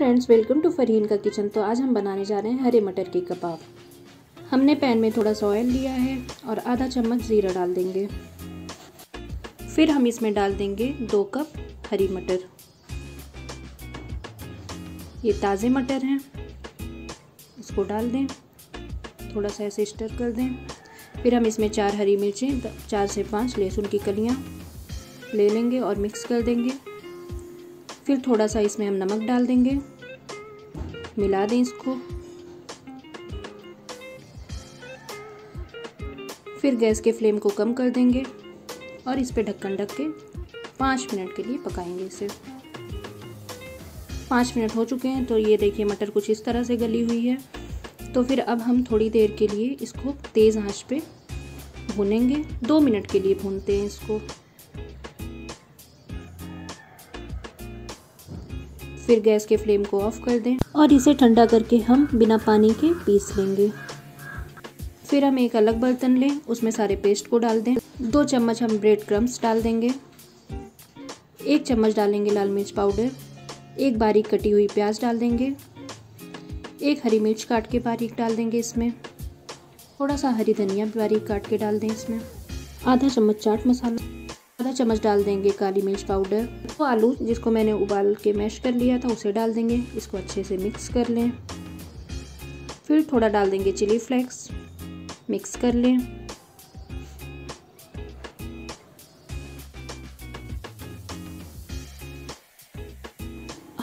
friends welcome to Farheen का kitchen तो आज हम बनाने जा रहे हैं हरे मटर के कबाब हमने पैन में थोड़ा सा ऑयल लिया है और आधा चम्मच ज़ीरा डाल देंगे फिर हम इसमें डाल देंगे दो कप हरी मटर ये ताज़े मटर हैं इसको डाल दें थोड़ा सा ऐसे स्टर कर दें फिर हम इसमें चार हरी मिर्चें चार से पाँच लहसुन की कलियाँ ले लेंगे और मिक्स कर देंगे फिर थोड़ा सा इसमें हम नमक डाल देंगे मिला दें इसको फिर गैस के फ्लेम को कम कर देंगे और इस पर ढक्कन ढक के पाँच मिनट के लिए पकाएंगे इसे पाँच मिनट हो चुके हैं तो ये देखिए मटर कुछ इस तरह से गली हुई है तो फिर अब हम थोड़ी देर के लिए इसको तेज़ आंच पे भूनेंगे दो मिनट के लिए भूनते हैं इसको फिर गैस के फ्लेम को ऑफ कर दें और इसे ठंडा करके हम बिना पानी के पीस लेंगे फिर हम एक अलग बर्तन लें उसमें सारे पेस्ट को डाल दें दो चम्मच हम ब्रेड क्रम्स डाल देंगे एक चम्मच डालेंगे लाल मिर्च पाउडर एक बारीक कटी हुई प्याज डाल देंगे एक हरी मिर्च काट के बारीक डाल देंगे इसमें थोड़ा सा हरी धनिया बारीक काट के डाल दें इसमें आधा चम्मच चाट मसाला आधा चम्मच डाल देंगे काली मिर्च पाउडर तो आलू जिसको मैंने उबाल के मैश कर लिया था उसे डाल देंगे इसको अच्छे से मिक्स कर लें फिर थोड़ा डाल देंगे चिली फ्लेक्स मिक्स कर लें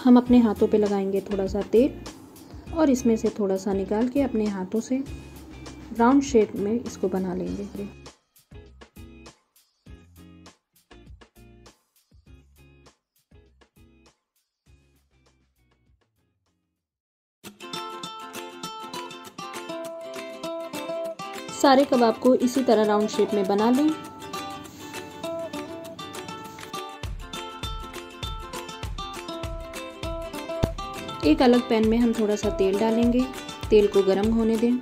हम अपने हाथों पे लगाएंगे थोड़ा सा तेल और इसमें से थोड़ा सा निकाल के अपने हाथों से राउंड शेप में इसको बना लेंगे सारे कबाब को इसी तरह राउंड शेप में बना लें एक अलग पैन में हम थोड़ा सा तेल डालेंगे तेल को गर्म होने दें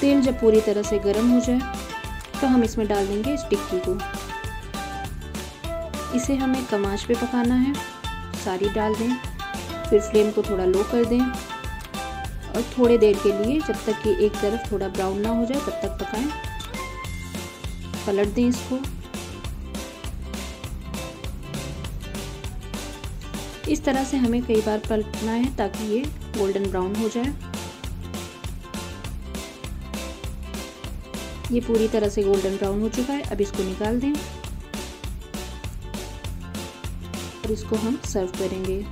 तेल जब पूरी तरह से गर्म हो जाए तो हम इसमें डाल देंगे इस टिक्की को इसे हमें कम पे पकाना है सारी डाल दें फिर फ्लेम को थोड़ा लो कर दें और थोड़े देर के लिए जब तक कि एक तरफ थोड़ा ब्राउन ना हो जाए तब तक पकाएं पलट दें इसको इस तरह से हमें कई बार पलटना है ताकि ये गोल्डन ब्राउन हो जाए ये पूरी तरह से गोल्डन ब्राउन हो चुका है अब इसको निकाल दें और इसको हम सर्व करेंगे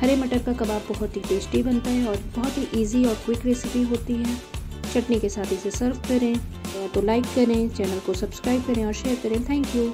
हरे मटर का कबाब बहुत ही टेस्टी बनता है और बहुत ही ईजी और क्विक रेसिपी होती है चटनी के साथ इसे सर्व करें तो लाइक करें चैनल को सब्सक्राइब करें और शेयर करें थैंक यू